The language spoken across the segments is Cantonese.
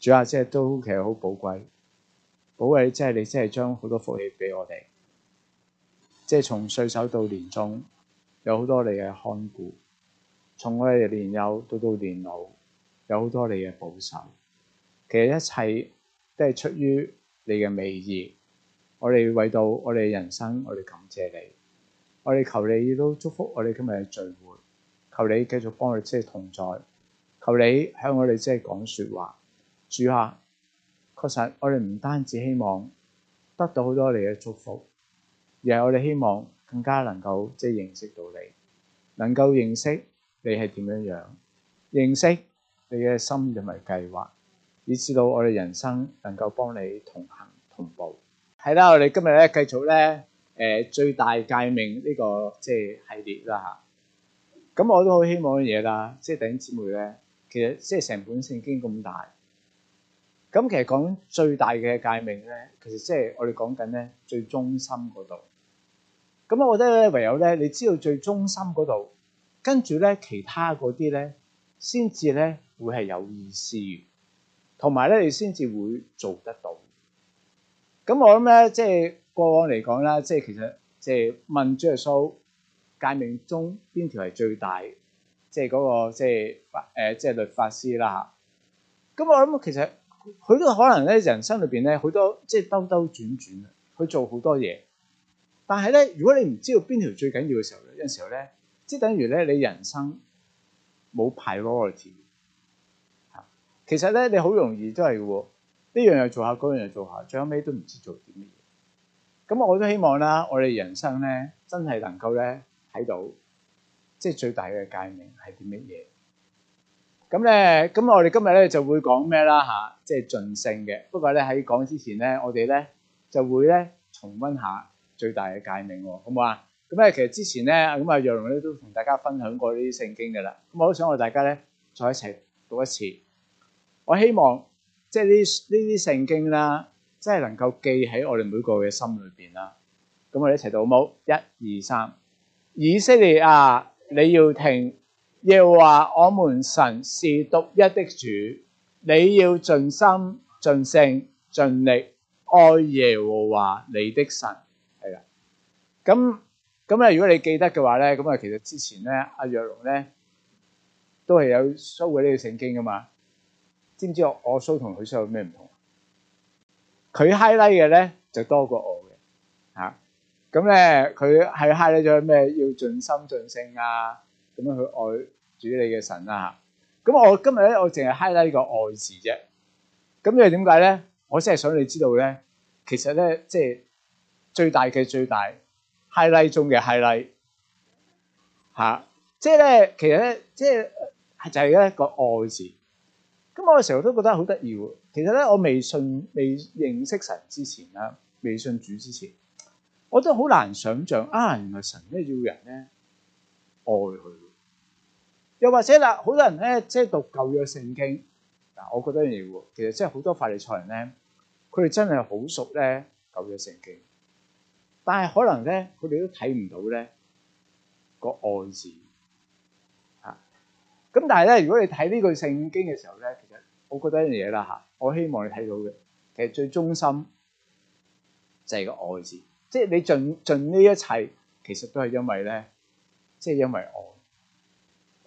主啊，即係都其實好寶貴，寶貴即係你真係將好多福氣俾我哋，即係從歲首到年終有好多你嘅看顧，從我哋年幼到到年老有好多你嘅保守。其實一切都係出於你嘅美意，我哋為到我哋人生，我哋感謝你，我哋求你亦都祝福我哋今日嘅聚會，求你繼續幫我哋即係同在，求你向我哋即係講説話。主啊，確實我哋唔單止希望得到好多你嘅祝福，而係我哋希望更加能夠即係認識到你，能夠認識你係點樣樣，認識你嘅心入埋計劃，以至到我哋人生能夠幫你同行同步。係啦、 嗯嗯，我哋今日咧繼續咧誒、呃、最大誡命呢、這個即係、就是、系列啦嚇。咁我都好希望嘅嘢啦，即、就、係、是、弟兄姊妹咧，其實即係成本聖經咁大。咁其實講最大嘅誡命咧，其實即係我哋講緊咧最中心嗰度。咁我覺得咧，唯有咧你知道最中心嗰度，跟住咧其他嗰啲咧，先至咧會係有意思，同埋咧你先至會做得到。咁我諗咧，即係過往嚟講啦，即係其實即係問主耶穌誡命中邊條係最大？即係嗰個即係誒即係律法師啦。吓，咁我諗其實。佢都可能咧，人生裏邊咧，好多即係兜兜轉轉啊，去做好多嘢。但係咧，如果你唔知道邊條最緊要嘅時候咧，有陣時候咧，即係等於咧，你人生冇 priority、嗯。其實咧，你好容易都係呢樣嘢做下，嗰樣嘢做下，最後尾都唔知做啲乜嘢。咁、嗯、我都希望啦，我哋人生咧，真係能夠咧睇到，即係最大嘅誡命係啲乜嘢。咁咧，咁我哋今日咧就會講咩啦嚇，即係盡性嘅。不過咧，喺講之前咧，我哋咧就會咧重温下最大嘅誡命喎，好唔好啊？咁咧，其實之前咧，咁阿若龍咧都同大家分享過呢啲聖經嘅啦。咁我都想我哋大家咧再一齊讀一次。我希望即係呢，呢啲聖經啦，真係能夠記喺我哋每個嘅心裏邊啦。咁我哋一齊讀好冇？一、二、三，以色列啊，你要聽。耶和華，我們神是獨一的主，你要盡心、盡性、盡力愛耶和華你的神，係啦。咁咁咧，如果你記得嘅話咧，咁啊，其實之前咧，阿若龍咧都係有 show 過呢個聖經噶嘛。知唔知我我 show 同佢 show 有咩唔同？佢 highlight 嘅咧就多過我嘅，吓咁咧，佢係 highlight 咗咩？要盡心盡性啊！咁樣去愛主你嘅神啦、啊、吓，咁我今日咧我淨係嗨 i g h l 個愛字啫，咁因為點解咧？我真係想你知道咧、啊就是嗯，其實咧即係最大嘅最大 h i 中嘅 h i 吓，即係咧其實咧即係就係一個愛字。咁我嘅時候都覺得好得意，其實咧我未信未認識神之前啦，未信主之前，我都好難想象啊，原來神咧要人咧愛佢。又或者嗱，好多人咧，即係讀舊約聖經嗱，我覺得一樣嘢喎，其實即係好多法利賽人咧，佢哋真係好熟咧舊約聖經，但係可能咧，佢哋都睇唔到咧個愛字嚇。咁但係咧，如果你睇呢句聖經嘅時候咧，其實我覺得一樣嘢啦吓，我希望你睇到嘅其實最中心就係個愛字，即係你盡盡呢一切，其實都係因為咧，即係因為愛。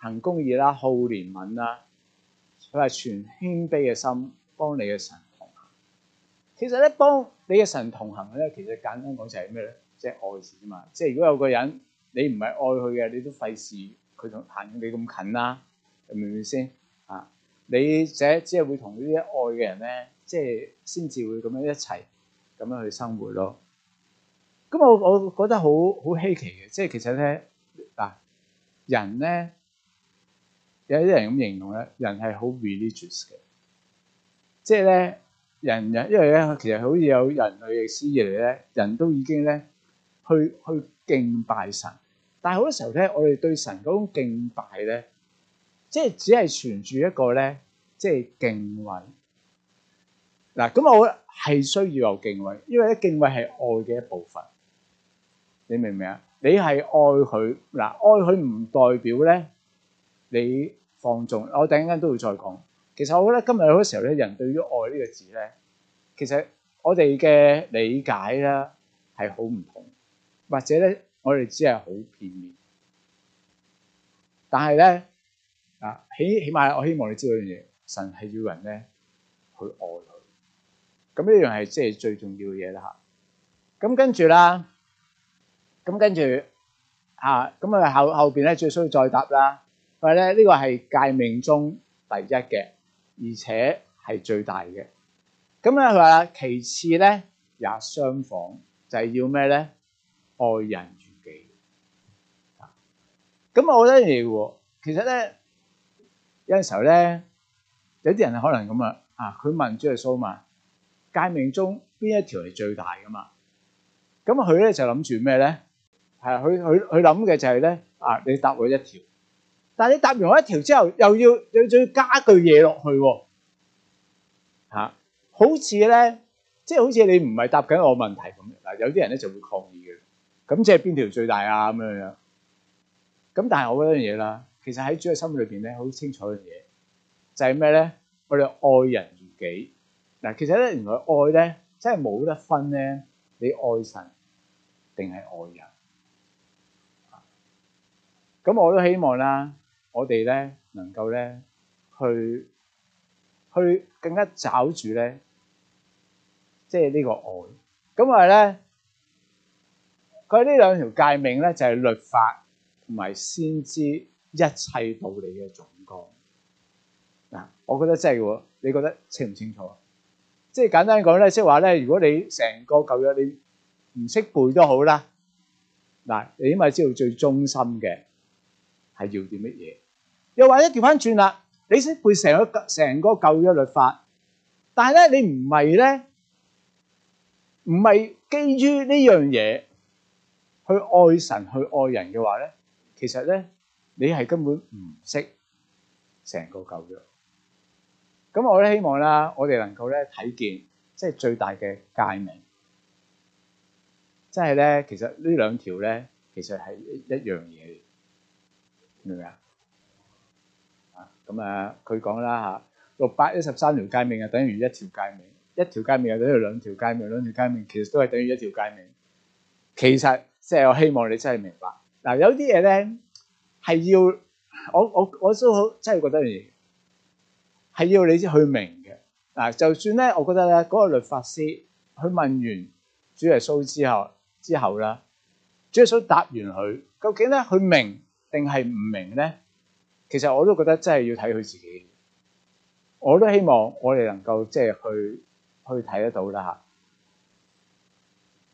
行公義啦，好憐憫啦，佢係存謙卑嘅心幫你嘅神同行。其實咧，幫你嘅神同行咧，其實簡單講就係咩咧？即係愛字啫嘛。即係如果有個人你唔係愛佢嘅，你都費事佢同行你咁近啦，明唔明先啊？你只只係會同呢啲愛嘅人咧，即係先至會咁樣一齊咁樣去生活咯。咁我我覺得好好稀奇嘅，即係其實咧嗱、啊，人咧。有啲人咁形容咧，人係好 religious 嘅，即係咧，人因因為咧，其實好似有人類歷史以嚟咧，人都已經咧去去敬拜神，但係好多時候咧，我哋對神嗰種敬拜咧，即係只係存住一個咧，即係敬畏。嗱，咁我覺得係需要有敬畏，因為咧，敬畏係愛嘅一部分。你明唔明啊？你係愛佢，嗱，愛佢唔代表咧。你放縱，我等陣間都會再講。其實我覺得今日好多時候咧，人對於愛呢個字咧，其實我哋嘅理解咧係好唔同，或者咧我哋只係好片面。但係咧啊，起起碼我希望你知道一樣嘢，神係要人咧去愛佢。咁呢樣係即係最重要嘅嘢啦嚇。咁跟住啦，咁跟住嚇，咁啊後後邊咧最需要再答啦。佢話咧呢個係誡命中第一嘅，而且係最大嘅。咁咧佢話其次咧也相仿，就係要咩咧愛人如己。咁我覺得嘢喎，其實咧有陣時候咧有啲人可能咁啊，啊佢問主耶穌嘛，誡命中邊一條係最大噶嘛？咁啊佢咧就諗住咩咧？係佢佢佢諗嘅就係咧啊！你答我一條。但你答完我一條之後，又要又要加句嘢落去，嚇，好似咧，即係好似你唔係答緊我問題咁，嗱有啲人咧就會抗議嘅，咁即係邊條最大啊？咁樣樣，咁但係我嗰樣嘢啦，其實喺主嘅心裏邊咧，好清楚嘅嘢，就係咩咧？我哋愛人如己，嗱其實咧原來愛咧真係冇得分咧，你愛神定係愛人，咁我都希望啦。我哋咧能夠咧去去更加找住咧，即係呢個愛。咁啊咧，佢呢兩條誡命咧就係律法同埋先知一切道理嘅總綱。嗱，我覺得真係喎，你覺得清唔清楚啊？即係簡單講咧，即係話咧，如果你成個舊約你唔識背都好啦，嗱，你起碼知道最中心嘅係要啲乜嘢。又或者調翻轉啦，你先背成個成個舊約律法，但係咧你唔係咧，唔係基於呢樣嘢去愛神去愛人嘅話咧，其實咧你係根本唔識成個舊約。咁我都希望啦，我哋能夠咧睇見即係最大嘅誡命，即係咧其實呢兩條咧其實係一一樣嘢，明唔明啊？咁啊，佢講啦嚇，六百一十三條誡命啊，等於一條誡命；一條誡命又等於兩條誡命，兩條誡命其實都係等於一條誡命。其實即係我希望你真係明白嗱，有啲嘢咧係要我我我都好真係覺得係要你去明嘅嗱。就算咧，我覺得咧，嗰個律法師佢問完主耶穌之後之後啦，主耶穌答完佢，究竟咧佢明定係唔明咧？其實我都覺得真係要睇佢自己。我都希望我哋能夠即係去去睇得到啦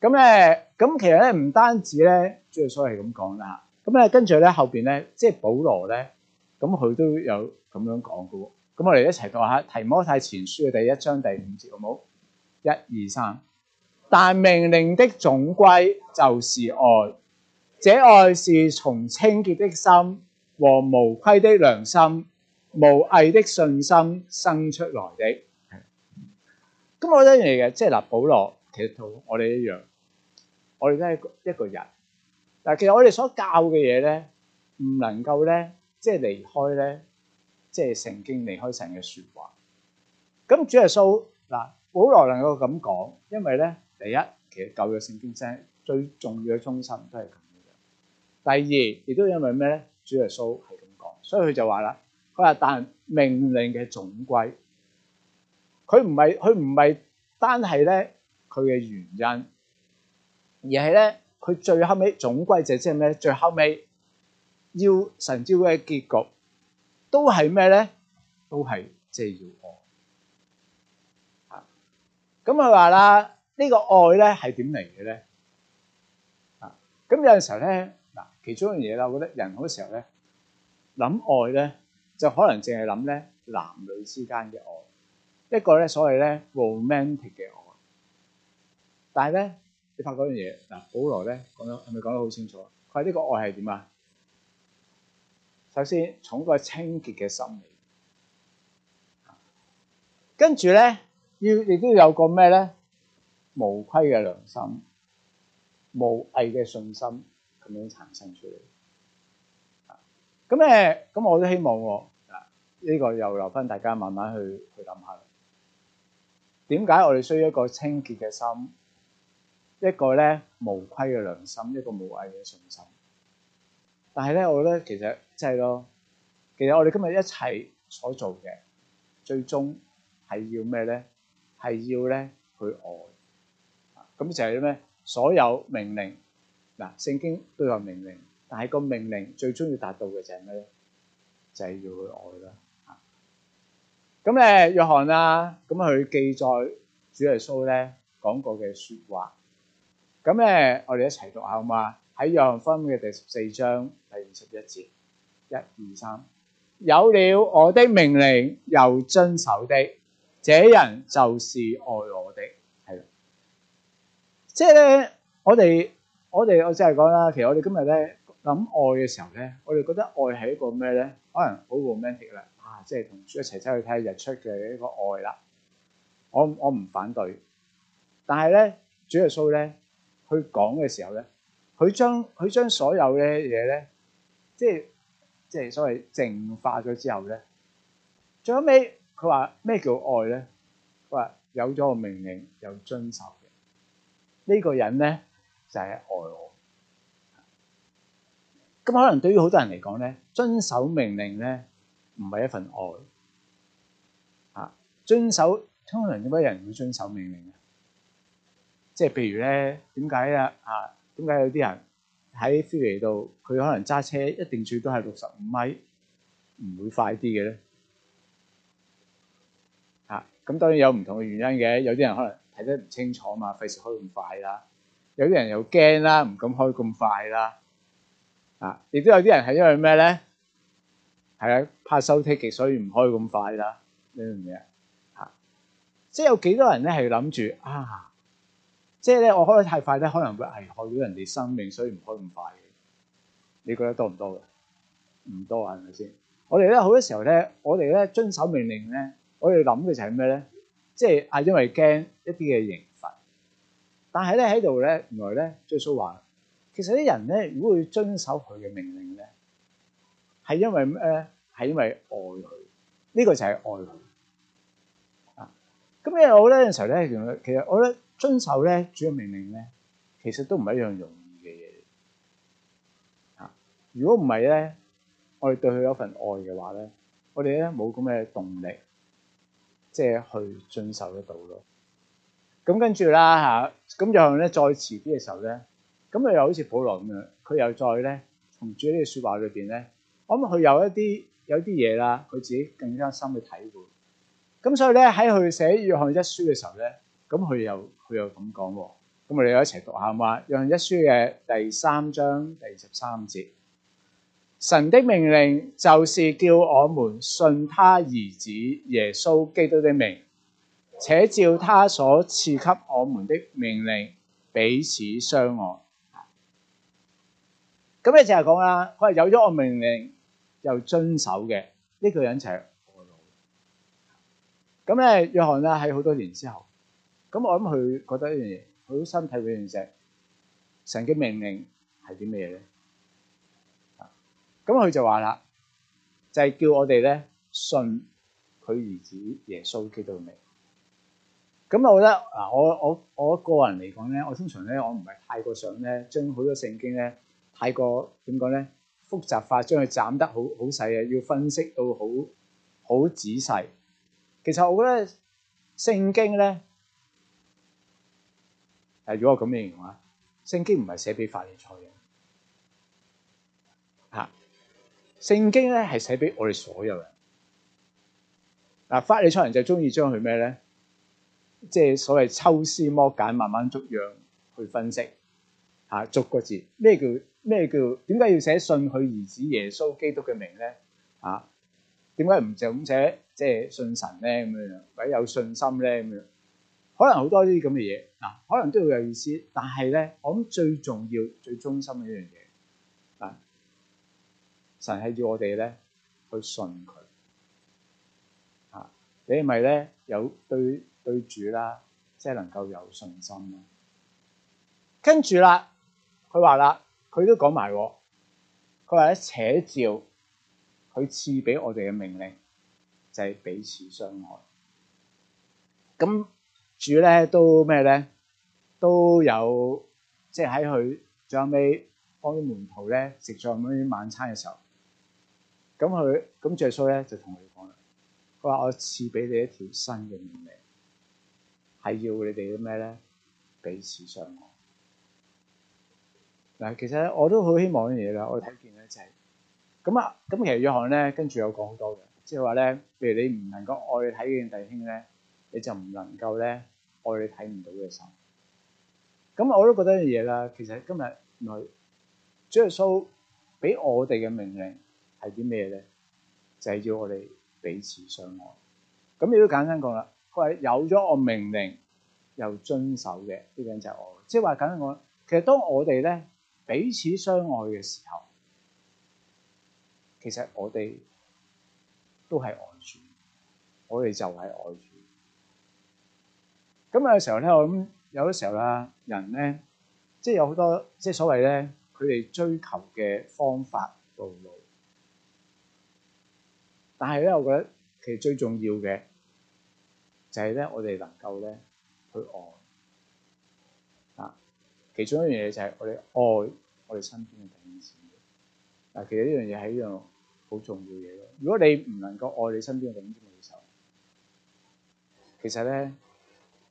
嚇。咁咧，咁其實咧唔單止咧，主耶穌係咁講啦嚇。咁咧跟住咧後邊咧，即係保羅咧，咁佢都有咁樣講嘅喎。咁我哋一齊讀下提摩太前書嘅第一章第五節好唔好？一、二、三，但命令的總歸就是愛，這愛是從清潔的心，和無愧的良心、無偽的信心生出來的。咁我覺得一樣嘢嘅，即係嗱，保羅其實同我哋一樣，我哋都係一個人。但係，其實我哋所教嘅嘢咧，唔能夠咧，即係離開咧，即係聖經離開神嘅説話。咁主耶穌嗱，保羅能夠咁講，因為咧，第一其實舊約聖經聲最重要嘅中心都係咁嘅。第二，亦都因為咩咧？主耶穌係咁講，所以佢就話啦：佢話但命令嘅總歸，佢唔係佢唔係單係咧佢嘅原因，而係咧佢最後尾總歸就即係咩？最後尾要神蹟嘅結局都係咩咧？都係即係要愛。啊！咁佢話啦：呢個愛咧係點嚟嘅咧？啊！咁有陣時候咧。其中一樣嘢啦，我覺得人好多時候咧，諗愛咧就可能淨係諗咧男女之間嘅愛，一個咧所謂咧 romantic 嘅愛。但係咧，你發覺一樣嘢嗱，保羅咧講咗係咪講得好清楚？佢話呢個愛係點啊？首先從個清潔嘅心嚟，跟住咧要亦都有個咩咧？無虧嘅良心，無偽嘅信心。咁樣產生出嚟，啊，咁誒，咁我都希望喎，啊，呢個又留翻大家慢慢去去諗下。點解我哋需要一個清潔嘅心，一個咧無愧嘅良心，一個無偽嘅信心？但係咧，我咧其實即係咯，其實我哋今日一齊所做嘅，最終係要咩咧？係要咧去愛，啊，咁就係咩？所有命令。嗱，聖經都有命令，但係個命令最終要達到嘅就係咩咧？就係要去愛啦。咁咧，約翰啊，咁佢記載主耶穌咧講過嘅說話。咁咧，我哋一齊讀下好嘛？喺約翰福音嘅第十四章第二十一節，一二三，有了我的命令又遵守的，這人就是愛我的。係啦，即係咧，我哋。我哋我即係講啦，其實我哋今日咧諗愛嘅時候咧，我哋覺得愛係一個咩咧？可能好 romantic 啦，啊，即係同主一齊出去睇日出嘅一個愛啦。我我唔反對，但係咧，主耶穌咧佢講嘅時候咧，佢將佢將所有嘅嘢咧，即係即係所謂淨化咗之後咧，最後尾佢話咩叫愛咧？佢話有咗個命令又遵守嘅呢、呢個人咧，就係愛我，咁可能對於好多人嚟講咧，遵守命令咧唔係一份愛啊！遵守通常點解人會遵守命令嘅？即係譬如咧，點解啊？啊，點解有啲人喺飛嚟度，佢可能揸車一定最多係六十五米，唔會快啲嘅咧？啊，咁當然有唔同嘅原因嘅。有啲人可能睇得唔清楚啊嘛，費事開咁快啦。有啲人又驚啦，唔敢開咁快啦，啊！亦都有啲人係因為咩咧？係啊，怕收 ticket，所以唔開咁快啦。你明唔明啊嚇，即係有幾多人咧係諗住啊？即係咧，我開得太快咧，可能會危害咗人哋生命，所以唔開咁快嘅。你覺得多唔多嘅？唔多啊係咪先？我哋咧好多時候咧，我哋咧遵守命令咧，我哋諗嘅就係咩咧？即係係、啊、因為驚一啲嘅嘢。但係咧喺度咧，原來咧，耶穌話：其實啲人咧，如果要遵守佢嘅命令咧，係因為咩？係因為愛佢。呢個就係愛佢。啊，咁因為我咧有陣時咧，其實我覺得遵守咧主嘅命令咧，其實都唔係一樣容易嘅嘢。啊，如果唔係咧，我哋對佢有份愛嘅話咧，我哋咧冇咁嘅動力，即係去遵守得到咯。咁跟住啦嚇，咁約翰咧再遲啲嘅時候咧，咁佢又好似保羅咁樣，佢又再咧同住呢句説話裏邊咧，我諗佢有一啲有啲嘢啦，佢自己更加深嘅體會。咁所以咧喺佢寫約翰一書嘅時候咧，咁佢又佢又咁講喎。咁我哋一齊讀下嘛，約翰一書嘅第三章第十三節，神的命令就是叫我們信祂兒子耶穌基督的名。且照他所賜給我們的命令彼此相愛。咁你淨係講啦，佢係有咗我命令又遵守嘅呢個人就係愛老。咁咧約翰咧喺好多年之後，咁我諗佢覺得呢樣嘢，佢都深睇呢樣嘢。神嘅命令係啲咩咧？咁佢就話啦，就係叫我哋咧信佢兒子耶穌基督嘅名。咁我覺得嗱，我我我個人嚟講咧，我通常咧，我唔係太過想咧，將好多聖經咧，太過點講咧，複雜化，將佢斬得好好細啊，要分析到好好仔細。其實我覺得聖經咧，誒，如果我咁嘅形容話，聖經唔係寫俾法利賽人，嚇，聖經咧係寫俾我哋所有人。嗱，法利賽人就中意將佢咩咧？即係所謂抽絲剝繭，慢慢逐樣去分析嚇、啊，逐個字咩叫咩叫點解要寫信佢兒子耶穌基督嘅名咧嚇？點解唔就咁寫即係信神咧咁樣？或者有信心咧咁樣？可能好多啲咁嘅嘢嗱，可能都會有意思，但係咧，我諗最重要、最忠心嘅一樣嘢啊，神係要我哋咧去信佢嚇、啊，你係咪咧有對，對主啦，即係能夠有信心咯。跟住啦，佢話啦，佢都講埋，佢話咧且照佢賜俾我哋嘅命令，就係、是、彼此相愛。咁主咧都咩咧？都有即係喺佢最後尾幫啲門徒咧食最後尾晚餐嘅時候，咁佢咁最初咧就同佢哋講啦，佢話我賜俾你一條新嘅命令。係要你哋啲咩咧？彼此相愛。嗱，其實我都好希望啲嘢啦，我哋睇見咧就係咁啊。咁其實約翰咧跟住有講好多嘅，即係話咧，譬如你唔能夠愛你睇見弟兄咧，你就唔能夠咧愛你睇唔到嘅時候。咁我都覺得啲嘢啦。其實今日主耶穌俾我哋嘅命令係啲咩咧？就係要我哋彼此相愛。咁亦都簡單講啦。佢係有咗我命令，又遵守嘅呢個人就係我，即係話緊我。其實當我哋咧彼此相愛嘅時候，其實我哋都係愛主，我哋就係愛主。咁有時候咧，我諗有啲時候啦，人咧即係有好多即係所謂咧，佢哋追求嘅方法道路，但係咧，我覺得其實最重要嘅。就係咧，我哋能夠咧去愛啊！其中一樣嘢就係我哋愛我哋身邊嘅弟兄姊妹。嗱，其實呢樣嘢係一樣好重要嘢咯。如果你唔能夠愛你身邊嘅弟兄姊妹，其實咧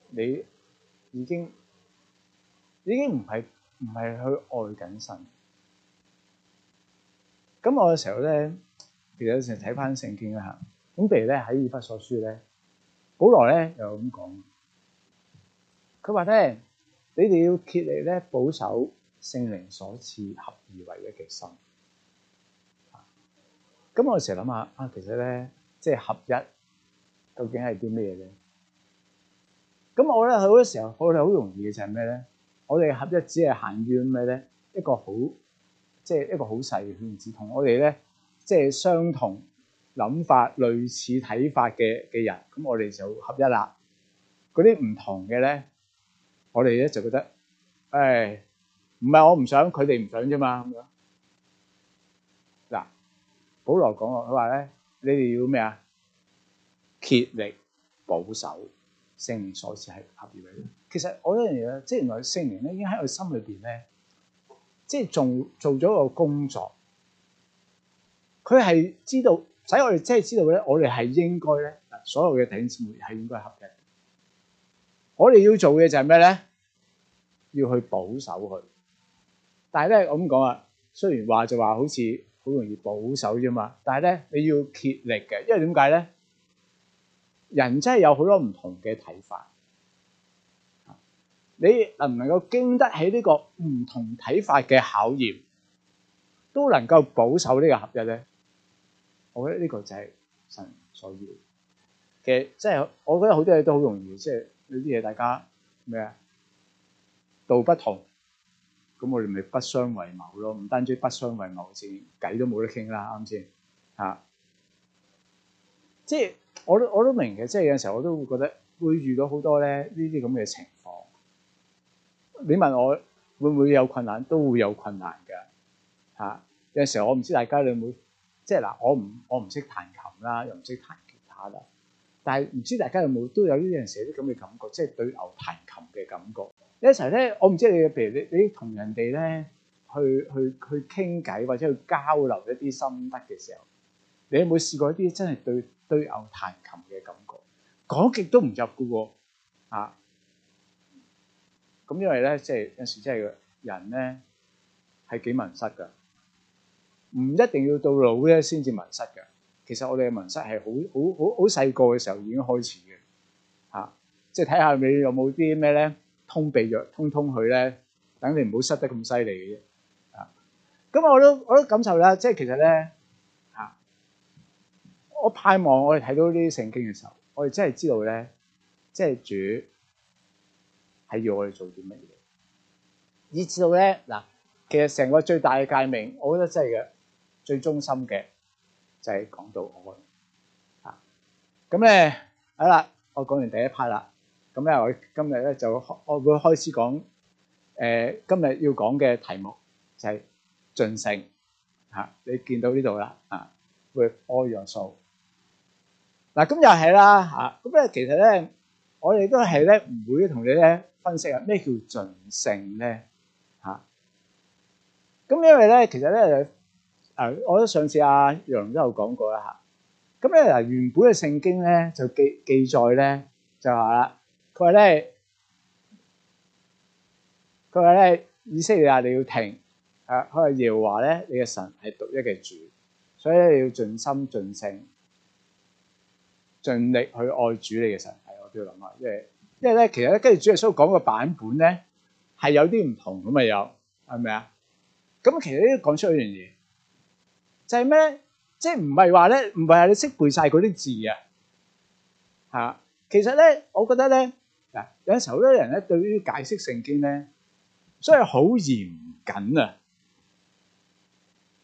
你已經已經唔係唔係去愛緊神。咁我嘅時候咧，其實有時睇翻聖經一下，咁譬如咧喺以弗所書咧。保羅咧又咁講，佢話咧：你哋要竭力咧保守聖靈所賜合而為一嘅心。咁、啊、我成日諗下啊，其實咧即係合一究竟係啲咩嘢咧？咁我咧好多時候我哋好容易嘅就係咩咧？我哋合一只係限於咩咧？一個好即係一個好細嘅圈子，同我哋咧即係相同。諗法類似睇法嘅嘅人，咁我哋就合一啦。嗰啲唔同嘅咧，我哋咧就覺得，誒、哎，唔係我唔想，佢哋唔想啫嘛。咁樣、嗯，嗱，保羅講話，佢話咧，你哋要咩啊？竭力保守聖靈所賜係合意嘅。嗯、其實我一樣嘢，即係原來聖靈咧已經喺佢心裏邊咧，即係做做咗個工作，佢係知道。所以我哋真係知道咧，我哋係應該咧，所有嘅弟兄姊妹係應該合一嘅。我哋要做嘅就係咩咧？要去保守佢。但係咧，我咁講啊，雖然話就話好似好容易保守啫嘛，但係咧，你要竭力嘅，因為點解咧？人真係有好多唔同嘅睇法。你能唔能夠經得起呢個唔同睇法嘅考驗，都能夠保守呢個合一咧？我覺得呢個就係神所要嘅，即係我覺得好多嘢都好容易，即係呢啲嘢大家咩啊？道不同，咁我哋咪不相為謀咯。唔單止不相為謀先，偈都冇得傾啦，啱先嚇。即係我都我都明嘅，即係有時候我都會覺得會遇到好多咧呢啲咁嘅情況。你問我會唔會有困難，都會有困難㗎嚇，啊。有時候我唔知大家你會。即係嗱，我唔我唔識彈琴啦，又唔識彈吉他啦。但係唔知大家有冇都有呢陣時有啲咁嘅感覺，即係對牛彈琴嘅感覺。一齊咧，我唔知你譬如你你同人哋咧去去去傾偈或者去交流一啲心得嘅時候，你有冇試過一啲真係對對牛彈琴嘅感覺？講極都唔入㗎喎，啊！咁因為咧，即係有時真係人咧係幾迷失㗎。唔一定要到老咧先至迷失嘅，其實我哋嘅迷失係好好好好細個嘅時候已經開始嘅，嚇，即係睇下你有冇啲咩咧通鼻藥通通佢咧，等你唔好塞得咁犀利嘅啫，啊，咁我都我都感受啦，即係其實咧嚇，我盼望我哋睇到呢啲聖經嘅時候，我哋真係知道咧，即係主係要我哋做啲乜嘢，以致到咧嗱，其實成個最大嘅誡命，我覺得真係嘅。最中心嘅就係講到愛啊！咁咧，好啦，我講完第一 part 啦。咁咧，我今日咧就我會開始講誒今日要講嘅題目就係盡性嚇。你見到呢度啦啊，會愛弱素嗱。咁又係啦嚇。咁咧，其實咧，我哋都係咧唔會同你咧分析啊咩叫盡性咧嚇。咁因為咧，其實咧。我覺得上次阿楊都有講過一下，咁咧嗱，原本嘅聖經咧就記記載咧就話啦，佢話咧佢話咧，以色列你要聽，啊佢話耶和華咧，你嘅神係獨一嘅主，所以你要盡心盡性盡力去愛主你嘅神，係我都要諗下，因為因為咧其實咧跟住主要所講嘅版本咧係有啲唔同噶嘛，有係咪啊？咁其實都講出一樣嘢。就係咩？即係唔係話咧？唔係話你識背晒嗰啲字啊？嚇、啊！其實咧，我覺得咧，有啲時候咧，人咧對於解釋聖經咧，所以好嚴謹啊！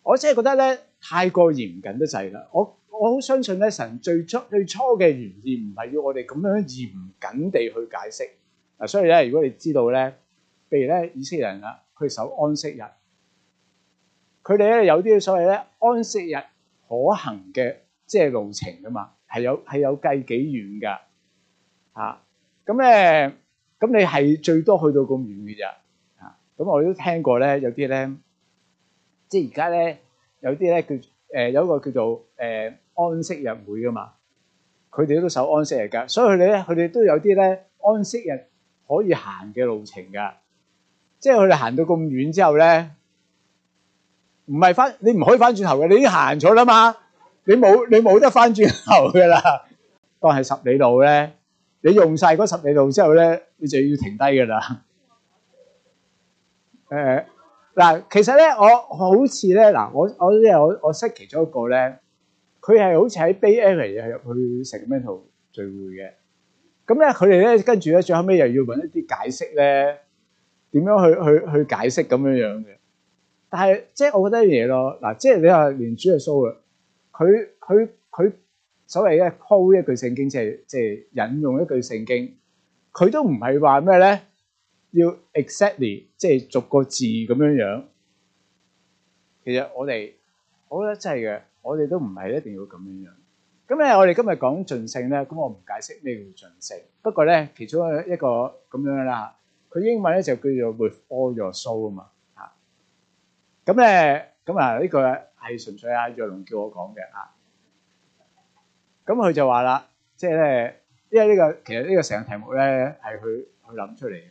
我真係覺得咧，太過嚴謹得滯啦！我我好相信咧，神最初最初嘅原意唔係要我哋咁樣嚴謹地去解釋啊！所以咧，如果你知道咧，譬如咧，以色列人啊，去守安息日。佢哋咧，有啲所謂咧安息日可行嘅即係路程噶嘛，係有係有計幾遠噶嚇。咁咧，咁你係最多去到咁遠嘅咋？嚇、啊、咁我都聽過咧，有啲咧即係而家咧有啲咧叫誒，有一個叫做誒、嗯、安息日會噶嘛，佢哋都守安息日噶，所以佢哋咧，佢哋都有啲咧安息日可以行嘅路程噶，即係佢哋行到咁遠之後咧。唔係翻，你唔可以翻轉頭嘅，你已經行咗啦嘛，你冇你冇得翻轉頭嘅啦。當係十里路咧，你用曬嗰十里路之後咧，你就要停低噶啦。誒嗱，其實咧，我好似咧嗱，我我我我識其中一個咧，佢係好似喺 Bay Area 入去食 mental 聚會嘅，咁咧佢哋咧跟住咧最後尾又要揾一啲解釋咧，點樣去去去解釋咁樣樣嘅。但係，即係我覺得一樣嘢咯。嗱，即係你話連主耶穌啦，佢佢佢所謂嘅 quote 一句聖經，即係即係引用一句聖經，佢都唔係話咩咧，要 exactly 即係逐個字咁樣樣。其實我哋，我覺得真係嘅，我哋都唔係一定要咁樣樣。咁咧，我哋今日講盡性咧，咁我唔解釋咩叫盡性。不過咧，其中一個咁樣啦，佢英文咧就叫做 with all your soul 啊嘛。咁咧，咁啊呢個係純粹阿若龍叫我講嘅啊。咁、嗯、佢就話啦，即係咧，因為呢、這個其實呢個成個題目咧係佢去諗出嚟。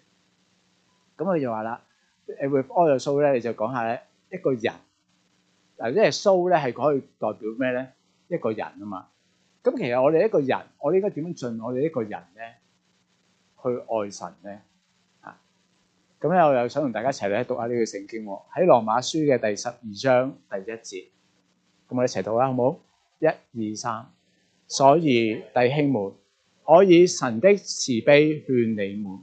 咁佢就話啦，with all the soul 咧，你就講下咧一個人，嗱、嗯，即、這、為、個、soul 咧係可以代表咩咧？一個人啊嘛。咁其實我哋一個人，我哋應該點樣盡我哋一個人咧？去愛神咧？咁咧，我哋又想同大家一齊嚟讀下呢個聖經喎。喺羅馬書嘅第十二章第一節，咁我哋一齊讀啦，好唔好？一、二、三。所以弟兄們，我以神的慈悲勸你們，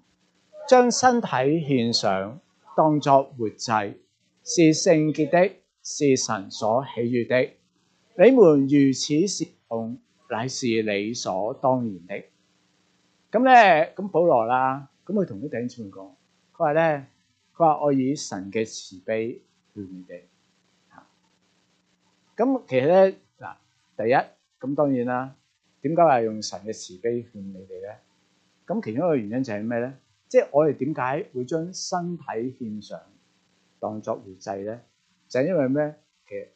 將身體獻上，當作活祭，是聖潔的，是神所喜悅的。你們如此事奉，乃是理所當然的。咁咧，咁保羅啦，咁佢同啲弟兄姊妹講。佢話咧，佢話我以神嘅慈悲勸你哋，嚇。咁其實咧嗱，第一咁當然啦，點解係用神嘅慈悲勸你哋咧？咁其中一個原因就係咩咧？即係我哋點解會將身體獻上當作活祭咧？就係因為咩嘅？其實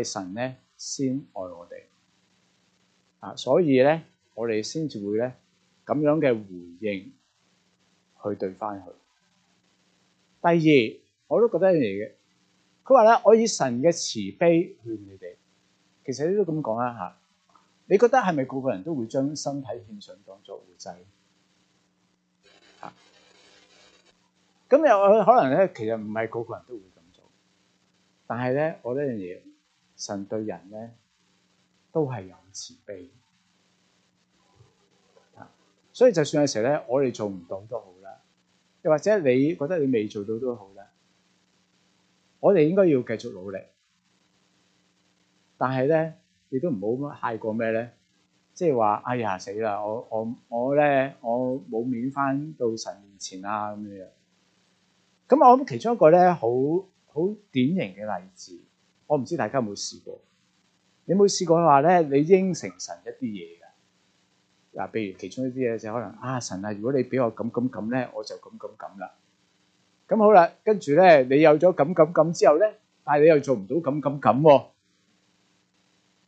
係神咧先愛我哋，啊，所以咧我哋先至會咧咁樣嘅回應去對翻佢。第二，我都覺得一樣嘢嘅。佢話咧：我以神嘅慈悲勸你哋。其實你都咁講一下，你覺得係咪個個人都會將身體獻上當作活祭？嚇、啊！咁又可能咧，其實唔係個個人都會咁做。但係咧，我呢樣嘢，神對人咧都係有慈悲、啊。所以就算有時咧，我哋做唔到都好。又或者你覺得你未做到都好啦，我哋應該要繼續努力。但係咧，你都唔好太過咩咧，即係話：哎呀死啦！我我我咧，我冇面翻到神面前啦咁樣。咁我諗其中一個咧，好好典型嘅例子，我唔知大家有冇試過？你有冇試過話咧，你應承神一啲嘢？嗱，譬如其中一啲嘢就可能啊，神啊，如果你俾我咁咁咁咧，我就咁咁咁啦。咁好啦，跟住咧，你有咗咁咁咁之後咧，但係你又做唔到咁咁咁喎，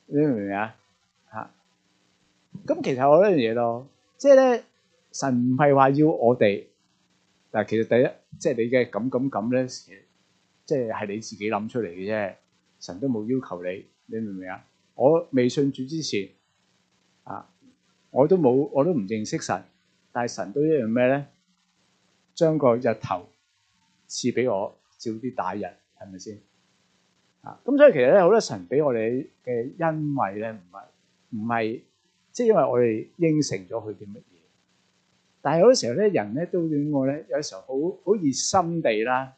你明唔明啊？嚇！咁其實我一樣嘢咯，即係咧，神唔係話要我哋。但係，其實第一，即係你嘅咁咁咁咧，即係係你自己諗出嚟嘅啫。神都冇要求你，你明唔明啊？我未信主之前，啊～我都冇，我都唔認識神，但係神都一樣咩咧？將個日頭賜俾我，照啲大日係咪先？啊，咁、嗯、所以其實咧，好多神俾我哋嘅恩惠咧，唔係唔係即係因為我哋應承咗佢啲乜嘢，但係好多時候咧，人咧都點我咧？有時候好好熱心地啦，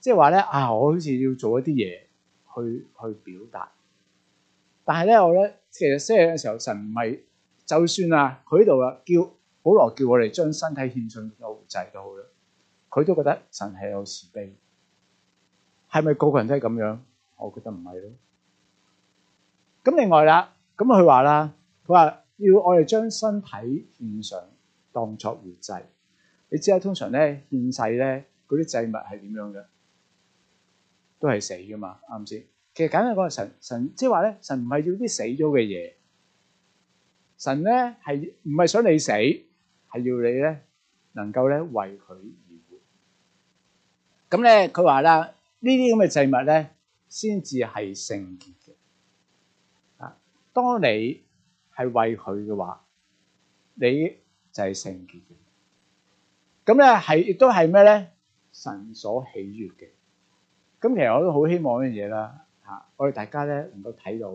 即係話咧啊，我好似要做一啲嘢去去表達，但係咧我咧其實即係有時候神唔係。就算啊，佢呢度啊叫保羅叫我哋將身體獻上作活祭都好啦，佢都覺得神係有慈悲，係咪個個人都係咁樣？我覺得唔係咯。咁另外啦，咁佢話啦，佢話要我哋將身體獻上當作活祭。你知啦，通常咧獻祭咧嗰啲祭物係點樣嘅？都係死噶嘛，啱先？其實簡單講，神神即係話咧，神唔係要啲死咗嘅嘢。神咧係唔係想你死，係要你咧能夠咧為佢而活。咁咧佢話啦，呢啲咁嘅祭物咧先至係聖潔嘅。啊，當你係為佢嘅話，你就係聖潔嘅。咁咧係亦都係咩咧？神所喜悅嘅。咁其實我都好希望一樣嘢啦。吓，我哋大家咧能夠睇到。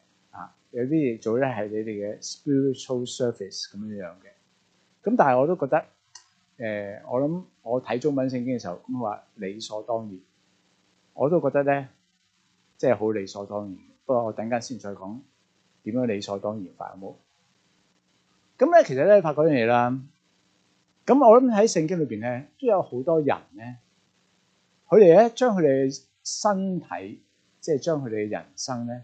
有啲嘢做咧，係你哋嘅 spiritual service 咁樣樣嘅。咁但係我都覺得，誒、呃，我諗我睇中文聖經嘅時候咁話理所當然，我都覺得咧，即係好理所當然。不過我等間先再講點樣理所當然法好冇？咁、嗯、咧，其實咧，發嗰樣嘢啦。咁我諗喺聖經裏邊咧，都有好多人咧，佢哋咧將佢哋嘅身體，即係將佢哋嘅人生咧。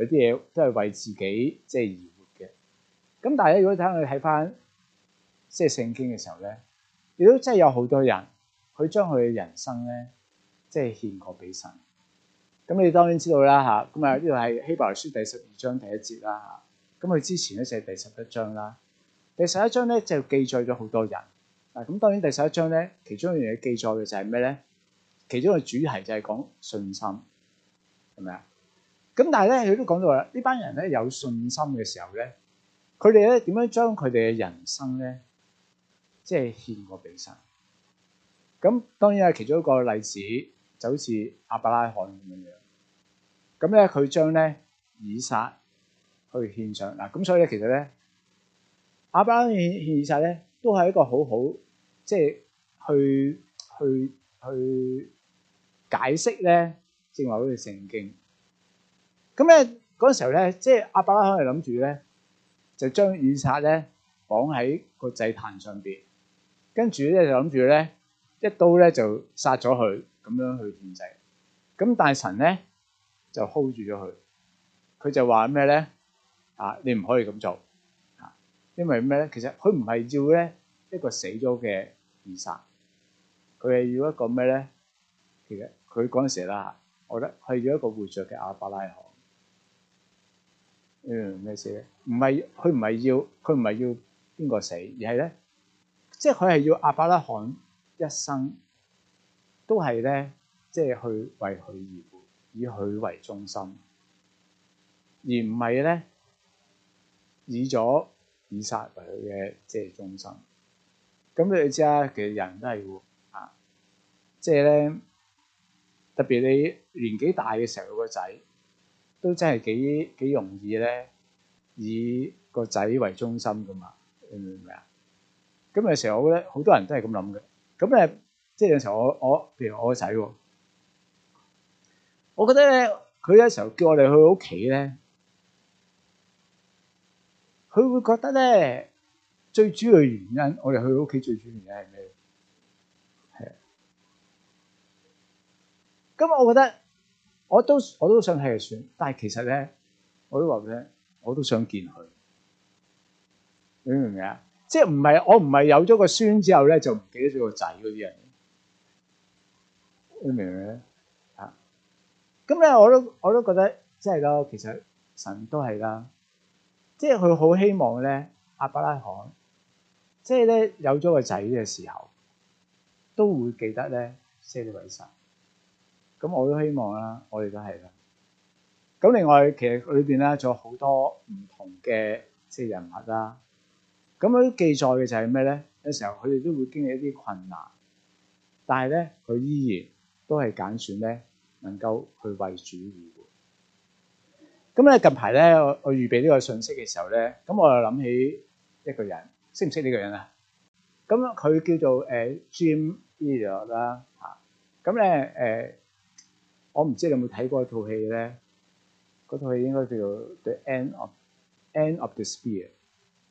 有啲嘢，都係為自己即係而活嘅。咁但係如果睇我哋睇翻即係聖經嘅時候咧，亦都真係有好多人佢將佢嘅人生咧即係獻過俾神。咁你當然知道啦吓，咁啊呢度係希伯來書第十二章第一節啦吓，咁佢之前咧就係第十一章啦。第十一章咧就記載咗好多人啊，咁當然第十一章咧其中一樣嘢記載嘅就係咩咧？其中嘅主題就係講信心，係咪啊？咁但係咧，佢都講到話，呢班人咧有信心嘅時候咧，佢哋咧點樣將佢哋嘅人生咧，即係獻過俾神。咁當然係其中一個例子，就好似阿伯拉罕咁樣。咁咧，佢將咧以撒去獻上嗱，咁所以咧，其實咧，阿伯拉罕獻獻以撒咧，都係一個好好，即係去去去解釋咧，正話佢哋聖經。咁咧嗰陣時候咧，即係亞伯拉罕諗住咧，就將以撒咧綁喺個祭壇上邊，跟住咧就諗住咧，一刀咧就殺咗佢，咁樣去獻祭。咁但神咧就 hold 住咗佢，佢就話咩咧？啊，你唔可以咁做，嚇，因為咩咧？其實佢唔係要咧一個死咗嘅以撒，佢係要一個咩咧？其實佢嗰陣時啦，我覺得係要一個活着嘅亞伯拉罕。嗯，咩事咧？唔係佢，唔係要佢，唔係要邊個死，而係咧，即係佢係要阿伯拉罕一生都係咧，即係去為佢而活，以佢為中心，而唔係咧以咗以撒為佢嘅即係中心。咁你哋知啦，其實人都係啊，即係咧，特別你年紀大嘅時候個仔。都真係幾幾容易咧，以個仔為中心噶嘛，你明唔明啊？咁有時候我覺得好多人都係咁諗嘅，咁咧即係有時候我我，譬如我個仔喎，我覺得咧佢有時候叫我哋去佢屋企咧，佢會覺得咧最主要嘅原因，我哋去佢屋企最主要原因係咩？係。咁我覺得。我都我都想睇佢孫，但係其實咧，我都話俾你，我都想見佢。你明唔明啊？即係唔係我唔係有咗個孫之後咧，就唔記得咗個仔嗰啲人。你明唔明啊？啊、嗯！咁咧，我都我都覺得即係咯，其實神都係啦，即係佢好希望咧，阿伯拉罕，即係咧有咗個仔嘅時候，都會記得咧，謝謝偉神。咁我都希望啦，我哋都係啦。咁另外其實裏邊咧仲有好多唔同嘅即係人物啦。咁佢都記載嘅就係咩咧？有時候佢哋都會經歷一啲困難，但係咧佢依然都係揀選咧能夠去為主意。咁咧近排咧我我預備呢個信息嘅時候咧，咁我又諗起一個人，識唔識呢個人啊？咁佢叫做誒 Jim Elliot 啦嚇。咁咧誒？我唔知你有冇睇過一套戲咧，嗰套戲應該叫做《The End of End of the Spear》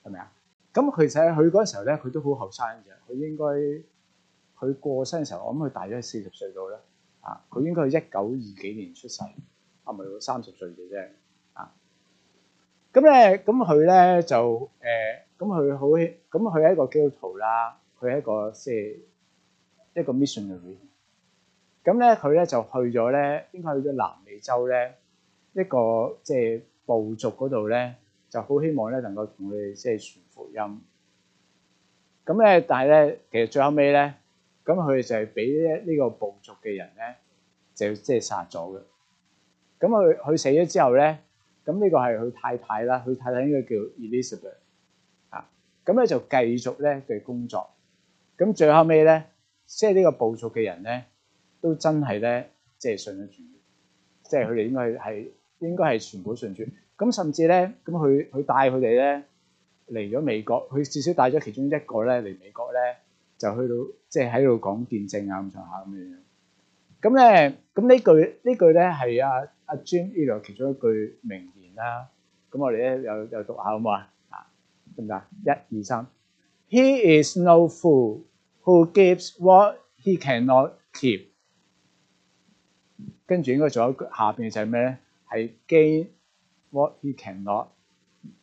係咪啊？咁其實佢嗰陣時候咧，佢都好後生嘅，佢應該佢過身嘅時候，我諗佢大咗四十歲度啦。啊，佢應該係一九二幾年出世，啊，唔係三十歲嘅啫。啊，咁咧，咁佢咧就誒，咁佢好，咁佢係一個基督徒啦，佢係一個即係一個 missionary。咁咧，佢咧就去咗咧，應該去咗南美洲咧一個即係部族嗰度咧，就好希望咧能夠同佢哋即係傳福音。咁咧，但係咧，其實最後尾咧，咁佢就係俾呢個部族嘅人咧就即係殺咗嘅。咁佢佢死咗之後咧，咁呢個係佢太太啦。佢太太應該叫 Elizabeth 啊。咁咧就繼續咧對工作。咁最後尾咧，即係呢個部族嘅人咧，都真係咧，即係信得住，即係佢哋應該係係應該係全部信住。咁甚至咧，咁佢佢帶佢哋咧嚟咗美國，佢至少帶咗其中一個咧嚟美國咧，就去到即係喺度講見證啊咁上下咁樣。咁咧，咁呢句呢句咧係阿阿 Jim Elliot 其中一句名言啦。咁我哋咧又又讀下好唔好啊？得唔得？一、二、三。He is no fool who gives what he cannot keep。跟住應該仲有一個下邊就係咩咧？係 gain what he cannot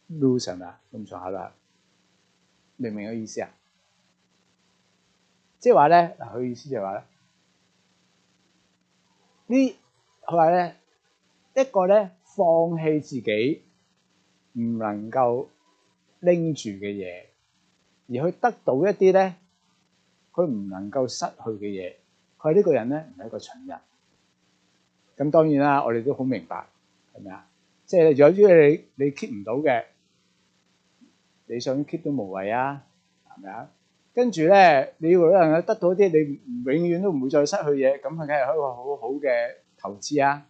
lose 啊，咁上下啦，明唔明個意思啊？即係話咧，佢意思就係話咧，呢佢話咧一個咧放棄自己唔能夠拎住嘅嘢，而去得到一啲咧佢唔能夠失去嘅嘢，佢係呢個人咧唔係一個蠢人。咁當然啦，我哋都好明白，係咪啊？即係如果你你 keep 唔到嘅，你想 keep 都無謂啊，係咪啊？跟住咧，你可能得到啲，你永遠都唔會再失去嘢，咁佢梗係一個好好嘅投資啊！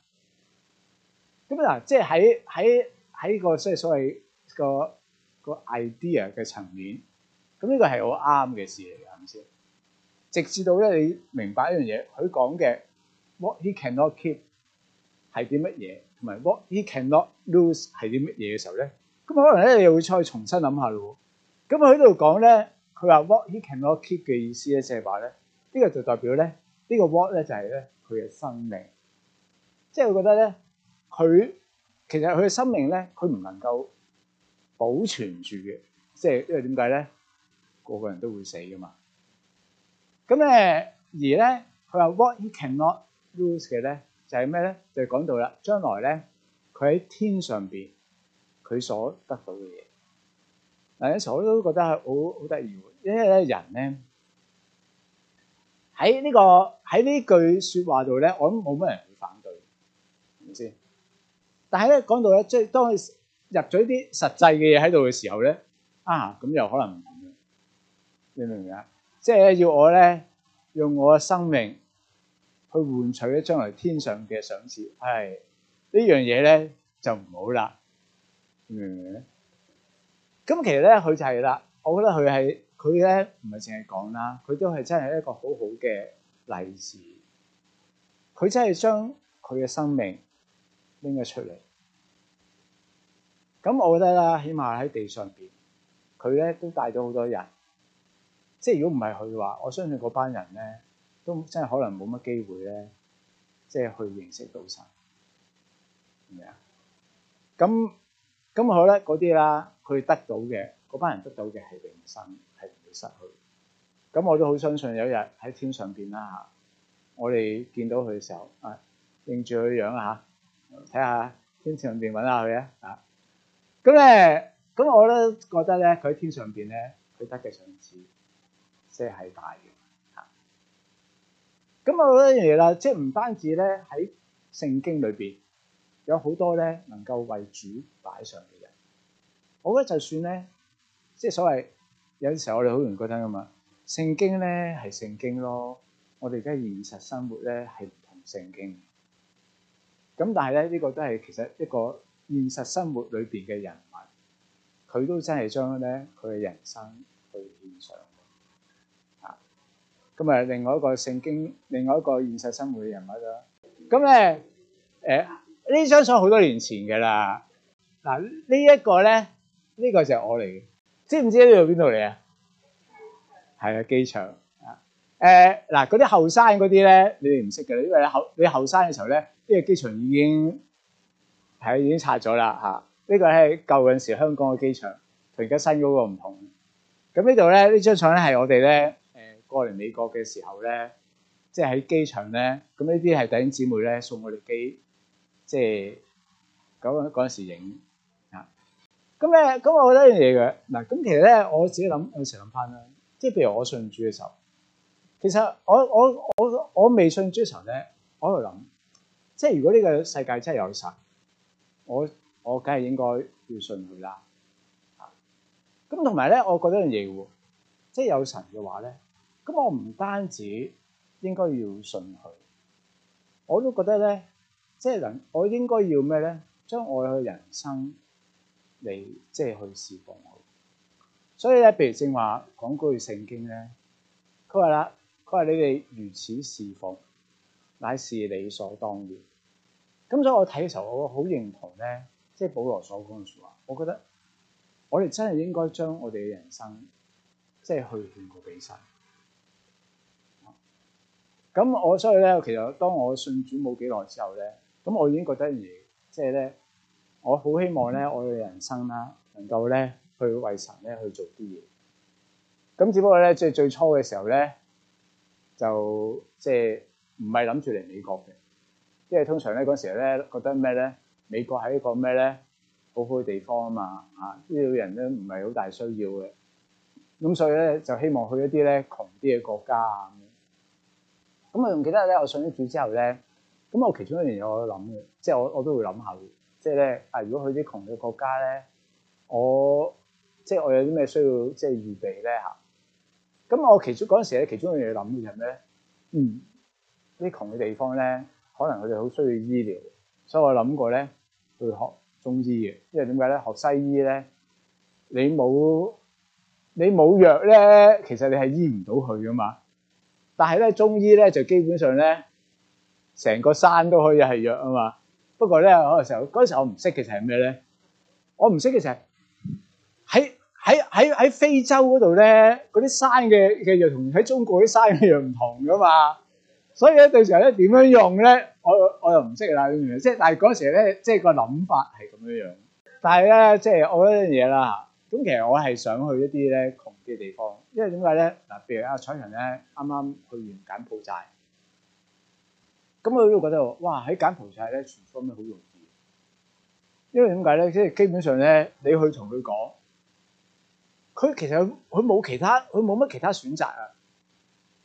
咁啊，即係喺喺喺個即係所謂個個 idea 嘅層面，咁呢個係好啱嘅事嚟嘅，係咪先？直至到咧，你明白一樣嘢，佢講嘅 what he cannot keep。係啲乜嘢，同埋 what he can not lose 係啲乜嘢嘅時候咧，咁可能咧又會再重新諗下咯。咁佢喺度講咧，佢話 what he can not keep 嘅意思咧即係話咧，呢、這個就代表咧呢、這個 what 咧就係咧佢嘅生命。即係佢覺得咧，佢其實佢嘅生命咧，佢唔能夠保存住嘅，即係因為點解咧？個個人都會死噶嘛。咁咧而咧佢話 what he can not lose 嘅咧。就係咩咧？就係講到啦，將來咧，佢喺天上邊，佢所得到嘅嘢嗱，有時我都覺得係好好得意喎，因為咧人咧喺呢個喺呢句説話度咧，我諗冇乜人會反對，係咪先？但係咧講到咧，即係當佢入咗啲實際嘅嘢喺度嘅時候咧，啊咁又可能唔同嘅，你明唔明啊？即係要我咧用我嘅生命。去換取一將來天上嘅賞賜，係呢樣嘢咧就唔好啦。明唔明咧？咁其實咧佢就係啦，我覺得佢係佢咧唔係淨係講啦，佢都係真係一個好好嘅例子。佢真係將佢嘅生命拎咗出嚟。咁我覺得啦，起碼喺地上邊，佢咧都帶咗好多人。即係如果唔係佢嘅話，我相信嗰班人咧。都真係可能冇乜機會咧，即係去認識到神，係咪啊？咁咁我咧嗰啲啦，佢得到嘅嗰班人得到嘅係永生，係唔會失去。咁我都好相信有一日喺天上邊啦嚇，我哋見到佢嘅時候啊，認住佢樣看看下啊嚇，睇下天上邊揾下佢啊啊！咁咧，咁我咧覺得咧，佢喺天上邊咧，佢得嘅賞賜即係大嘅。咁我覺得嘢啦，即係唔單止咧喺聖經裏邊有好多咧能夠為主擺上嘅人，我覺得就算咧，即係所謂有啲時候我哋好容易覺得噶嘛，聖經咧係聖經咯，我哋嘅現，現實生活咧係唔同聖經，咁但係咧呢、這個都係其實一個現實生活裏邊嘅人物，佢都真係將咧佢嘅人生。咁咪另外一個聖經，另外一個現實生活嘅人物啦。咁咧，誒呢張相好多年前嘅啦。嗱、這個、呢一個咧，呢、這個就係我嚟嘅。知唔知、呃、呢度邊度嚟啊？係啊，機場啊。誒嗱，嗰啲後生嗰啲咧，你哋唔識嘅，因為後你後生嘅時候咧，呢、這個機場已經係已經拆咗啦嚇。呢、啊這個係舊陣時香港嘅機場，同而家新嗰個唔同。咁呢度咧，張呢張相咧係我哋咧。過嚟美國嘅時候咧，即係喺機場咧，咁呢啲係弟兄姊妹咧送我哋機，即係咁嗰陣時影啊。咁、嗯、咧，咁、嗯嗯嗯嗯、我覺得一樣嘢嘅嗱，咁其實咧我自己諗，有時諗翻啦，即係譬如我信主嘅時候，其實我我我我未信主嘅時候咧，我喺度諗，即係如果呢個世界真係有神，我我梗係應該要信佢啦。啊、嗯，咁同埋咧，我覺得一樣嘢嘅，即係有神嘅話咧。咁我唔單止應該要信佢，我都覺得咧，即係能我應該要咩咧？將我嘅人生嚟即係去侍奉佢。所以咧，譬如正話講嗰句聖經咧，佢話啦，佢話你哋如此侍奉，乃是理所當然。咁所以我睇嘅時候，我好認同咧，即係保羅所講嘅說話，我覺得我哋真係應該將我哋嘅人生即係去獻過俾神。咁我所以咧，其實當我信主冇幾耐之後咧，咁我已經覺得而即係咧，我好希望咧，我嘅人生啦，能夠咧去為神咧去做啲嘢。咁只不過咧，即係最初嘅時候咧，就即係唔係諗住嚟美國嘅，因為通常咧嗰時咧覺得咩咧，美國係一個咩咧，好好嘅地方啊嘛，啊呢啲人都唔係好大需要嘅。咁所以咧就希望去一啲咧窮啲嘅國家啊。咁啊，仲記得咧，我上咗主之後咧，咁我其中一樣嘢我會諗嘅，即係我我都會諗下即係咧啊，如果去啲窮嘅國家咧，我即係我有啲咩需要即係預備咧嚇？咁我其中嗰陣時咧，其中一樣嘢諗嘅係咩？嗯，啲窮嘅地方咧，可能佢哋好需要醫療，所以我諗過咧去學中醫嘅，因為點解咧？學西醫咧，你冇你冇藥咧，其實你係醫唔到佢㗎嘛。但係咧，中醫咧就基本上咧，成個山都可以係藥啊嘛。不過咧，我嗰時候，嗰時我唔識其實係咩咧，我唔識其實喺喺喺喺非洲嗰度咧，嗰啲山嘅嘅藥同喺中國啲山嘅藥唔同噶嘛。所以咧，到時候咧點樣用咧，我我又唔識啦。即係但係嗰時咧，即係個諗法係咁樣樣。但係咧，即係我覺得一樣嘢啦。咁其實我係想去一啲咧窮嘅地方，因為點解咧？嗱、啊，譬如阿彩雲咧，啱啱去完柬埔寨，咁佢都覺得喎，哇！喺柬埔寨咧，全部都好容易，因為點解咧？即係基本上咧，你去同佢講，佢其實佢冇其他，佢冇乜其他選擇啊！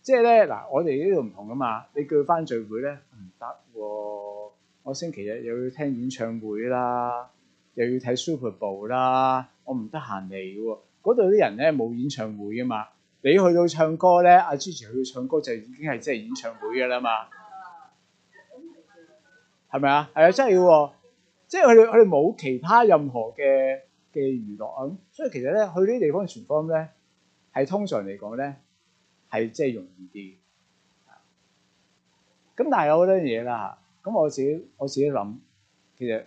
即係咧，嗱，我哋呢度唔同噶嘛，你叫佢翻聚會咧唔得喎，我星期日又要聽演唱會啦，又要睇 Super Bowl 啦。我唔得閒嚟喎，嗰度啲人咧冇演唱會啊嘛。你去到唱歌咧，阿 Gigi 去到唱歌就已經係即係演唱會嘅啦嘛，係咪啊？係、嗯、啊，真係喎、哦，即係佢哋佢哋冇其他任何嘅嘅娛樂啊。所以其實咧去呢啲地方傳福音咧，係通常嚟講咧係即係容易啲。咁但係有好多嘢啦嚇，咁我自己我自己諗，其實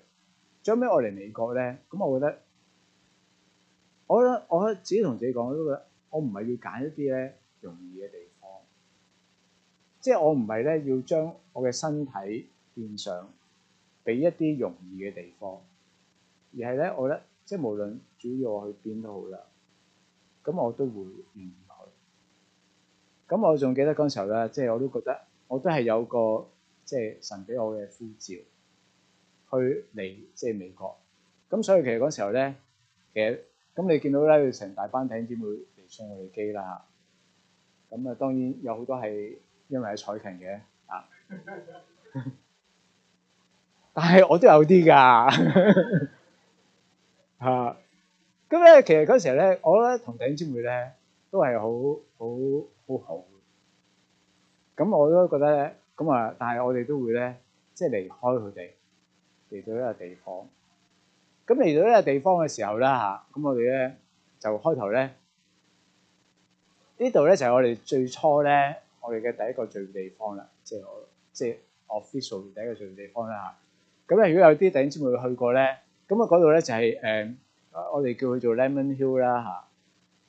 將來我嚟美國咧，咁我覺得。我覺得我自己同自己講，我都覺得我唔係要揀一啲咧容易嘅地方，即係我唔係咧要將我嘅身體變相俾一啲容易嘅地方，而係咧我覺得即係無論主要我去邊都好啦，咁我都會願意去。咁我仲記得嗰時候咧，即係我都覺得我都係有個即係神俾我嘅呼召去嚟即係美國。咁所以其實嗰時候咧，其實。咁你見到咧，成大班頂尖妹嚟送我哋機啦，咁啊，當然有好多係因為係彩鈴嘅啊， 但係我都有啲噶嚇。咁 咧、啊，其實嗰時咧，我咧同頂尖妹咧都係好好好好。咁我都覺得咧，咁啊，但係我哋都會咧，即係離開佢哋嚟到一個地方。咁嚟到呢個地方嘅時候啦，嚇，咁我哋咧就開頭咧，呢度咧就係我哋最初咧，我哋嘅第一個聚會地方啦，即係即係 official 第一個聚會地方啦嚇。咁咧，如果有啲弟兄姊妹去過咧，咁啊嗰度咧就係、是、誒、呃、我哋叫佢做 Lemon Hill 啦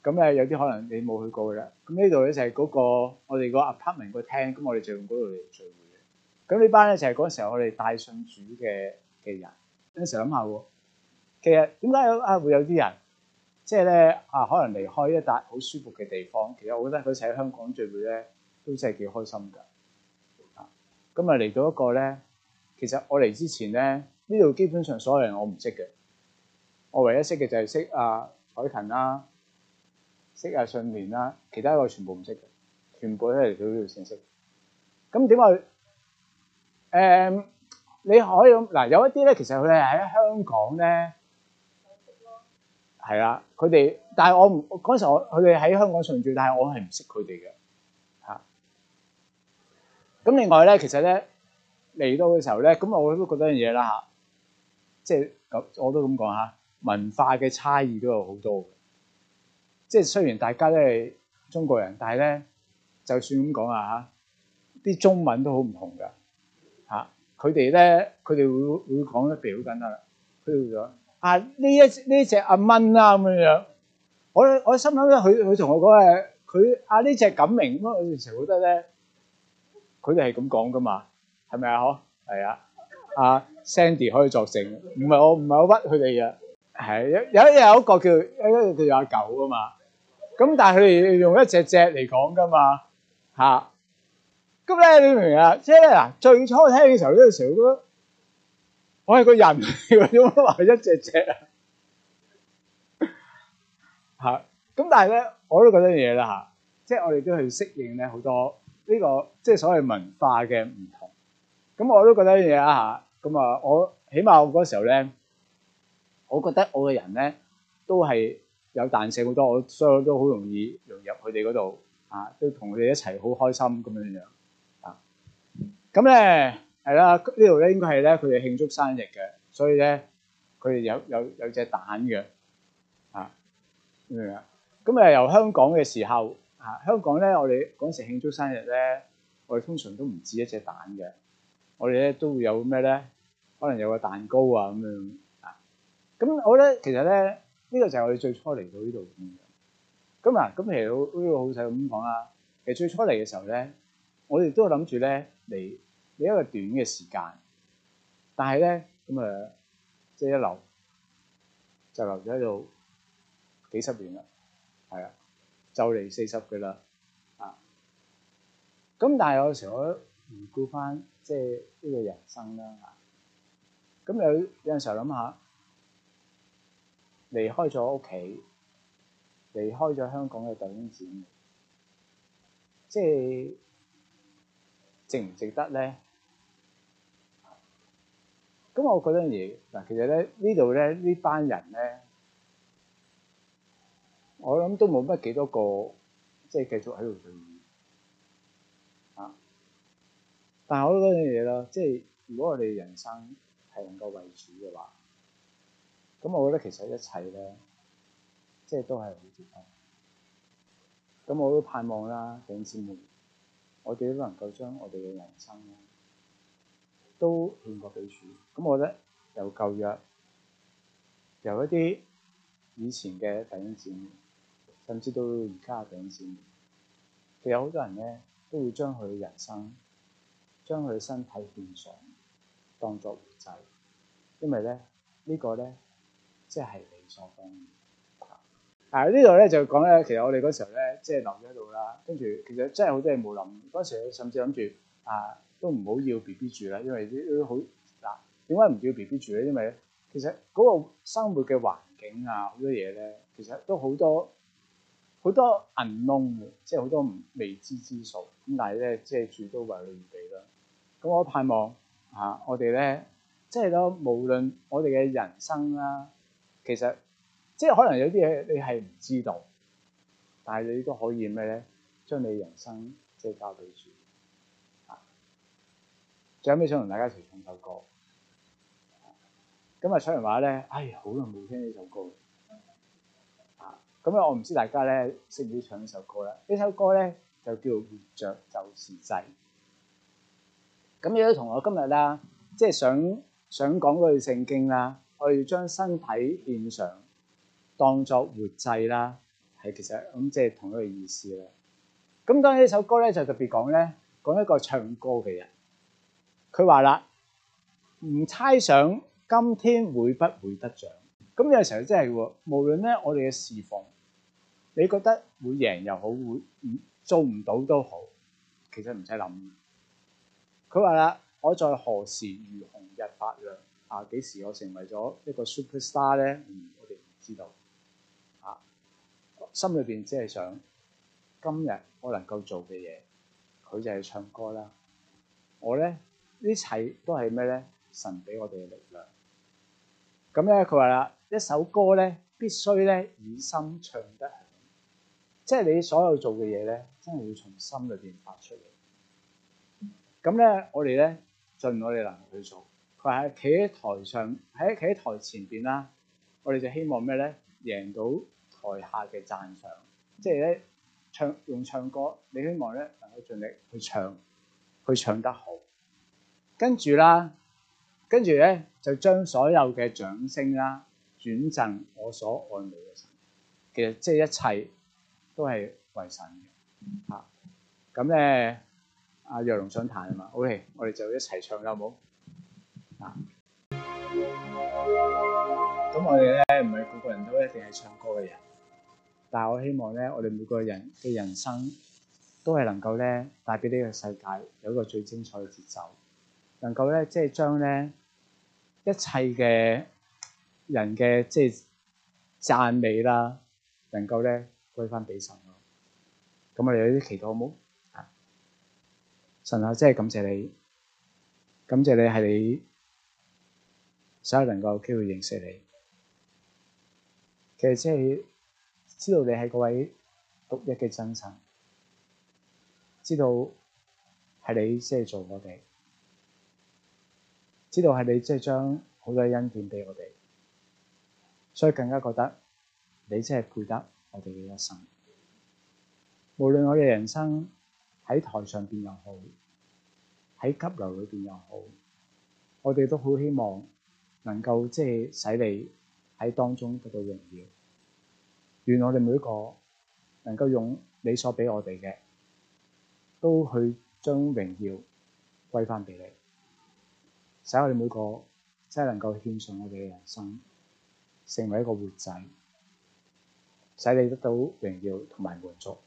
嚇。咁咧有啲可能你冇去過㗎，咁呢度咧就係嗰、那個我哋個 apartment 個廳，咁我哋就用嗰度嚟聚會嘅。咁呢班咧就係、是、嗰時候我哋帶信主嘅嘅人，有陣時諗下喎。其實點解啊會有啲人即係咧啊可能離開一笪好舒服嘅地方，其實我覺得佢喺香港聚會咧都真係幾開心㗎。咁啊嚟到一個咧，其實我嚟之前咧呢度基本上所有人我唔識嘅，我唯一識嘅就係識阿海騰啦，啊、勤識阿信聯啦，其他我全部唔識嘅，全部都係嚟到呢度先識。咁點解？誒、啊、你可以嗱、啊、有一啲咧，其實佢哋喺香港咧。係啦，佢哋，但係我唔嗰陣時我，我佢哋喺香港常住，但係我係唔識佢哋嘅，嚇、啊。咁另外咧，其實咧嚟到嘅時候咧，咁我都覺得樣嘢啦嚇，即係咁，我都咁講嚇，文化嘅差異都有好多，即係雖然大家都係中國人，但係咧，就算咁講啊嚇，啲中文都好唔同㗎，嚇、啊，佢哋咧，佢哋會會講得特別好簡單啦，譬如咗。啊！呢一呢隻阿蚊啦咁樣樣，我我心諗咧，佢佢同我講誒，佢啊呢隻咁名咁啊，我哋成日覺得咧，佢哋係咁講噶嘛，係咪啊？嗬，係啊，阿 Sandy 可以作證，唔係我唔係好屈佢哋嘅，係有有一個叫有一個叫阿狗啊嘛，咁但係佢哋用一隻隻嚟講噶嘛，嚇，咁咧你明唔明啊？即係嗱，最初聽嘅時候咧，呢個時候都。我係個人，點解話係一隻隻啊？吓，咁但係咧，我都覺得嘢啦吓，即係我哋都去適應咧好多呢個即係所謂文化嘅唔同。咁我都覺得嘢啊吓，咁啊，我起碼我嗰時候咧，我覺得我嘅人咧都係有彈性好多，所以我都好容易融入佢哋嗰度啊，都同佢哋一齊好開心咁樣樣啊。咁咧。係啦，呢度咧應該係咧佢哋慶祝生日嘅，所以咧佢哋有有有隻蛋嘅，啊，明唔明啊？咁啊由香港嘅時候啊，香港咧我哋嗰陣時慶祝生日咧，我哋通常都唔止一隻蛋嘅，我哋咧都會有咩咧？可能有個蛋糕啊咁樣啊，咁我咧其實咧呢個就係我哋最初嚟到呢度咁樣。咁啊咁，其實呢個好老細咁講啦，其實最初嚟嘅時候咧，我哋都諗住咧嚟，你一個短嘅時間，但係咧咁誒，即係一留就留咗喺度幾十年啦，係啊，就嚟四十嘅啦，啊，咁但係有時我都唔顧翻，即係呢個人生啦嚇，咁有有陣時候諗下離開咗屋企，離開咗香港嘅弟兄姊妹，即係值唔值得咧？咁我覺得嘢嗱，其實咧呢度咧呢班人咧，我諗都冇乜幾多個即係繼續喺度對面啊！但係我都嗰樣嘢啦，即係如果我哋人生係能夠為主嘅話，咁我覺得其實一切咧，即係都係好啲。咁、啊、我都盼望啦，弟兄姊妹我哋都能夠將我哋嘅人生。都獻過祭柱，咁我覺得由舊約，由一啲以前嘅弟兄姊妹甚至到而家嘅弟兄姊妹，其實有好多人咧，都會將佢嘅人生、將佢嘅身體獻上，當作活祭，因為咧呢個咧，即係理所當然。啊，呢度咧就講咧，其實我哋嗰時候咧，即係留咗喺度啦，跟住其實真係好多嘢冇諗，嗰時甚至諗住啊。都唔好要，要 B B 住啦，因為啲啲好嗱，點解唔叫 B B 住咧？因為咧，其實嗰個生活嘅環境啊，好多嘢咧，其實都好多好多銀窿嘅，即係好多唔未知之數。咁但係咧，即係住都為你預備啦。咁我盼望啊，我哋咧即係都無論我哋嘅人生啦、啊，其實即係可能有啲嘢你係唔知道，但係你都可以咩咧？將你人生即係交俾住。最尾想同大家一齊唱一首歌。今日唱完話咧，哎，好耐冇聽呢首歌啦。咁咧，我唔知大家咧識唔識唱呢首歌啦？呢首歌咧就叫《活着就是祭》。咁有啲同學今日啦，即係想想講句聖經啦，我哋要將身體獻上當作活祭啦。係其實咁即係同一個意思啦。咁當然呢首歌咧就特別講咧，講一個唱歌嘅人。佢話啦，唔猜想今天會不會得獎。咁有時候真係喎，無論咧我哋嘅侍奉，你覺得會贏又好，會做唔到都好，其實唔使諗。佢話啦，我在何時如紅日發亮？啊，幾時我成為咗一個 super star 咧？嗯，我哋唔知道啊。心裏邊只係想今日我能夠做嘅嘢，佢就係唱歌啦。我咧。呢一切都係咩咧？神俾我哋嘅力量。咁咧，佢話啦，一首歌咧必須咧以心唱得，即係你所有做嘅嘢咧，真係要從心裏邊發出嚟。咁咧，我哋咧盡我哋能力去做。佢係企喺台上，喺企喺台前邊啦，我哋就希望咩咧？贏到台下嘅讚賞，即係咧唱用唱歌，你希望咧能夠盡力去唱，去唱得好。跟住啦，跟住咧就將所有嘅掌聲啦轉贈我所愛你嘅神。其實即係一切都係為神嘅嚇。咁、嗯、咧，阿、嗯啊、若龍想彈啊嘛。O.K. 我哋就一齊唱好冇啊？咁、嗯、我哋咧唔係個個人都一定係唱歌嘅人，但係我希望咧，我哋每個人嘅人生都係能夠咧帶俾呢個世界有一個最精彩嘅節奏。能夠咧，即係將咧一切嘅人嘅即係讚美啦，能夠咧歸翻俾神咯。咁我哋有啲祈禱好冇？神啊，真係、就是、感謝你，感謝你係你，所有能夠有機會認識你。其實即係知道你係嗰位獨一嘅真神，知道係你即係做我哋。知道係你即係將好多恩典俾我哋，所以更加覺得你即係配得我哋嘅一生。無論我嘅人生喺台上邊又好，喺急流裏邊又好，我哋都好希望能夠即係使，使你喺當中得到榮耀。願我哋每一個能夠用你所俾我哋嘅，都去將榮耀歸翻俾你。使我哋每個真係能夠獻上我哋嘅人生，成為一個活祭，使你得到榮耀同埋滿足。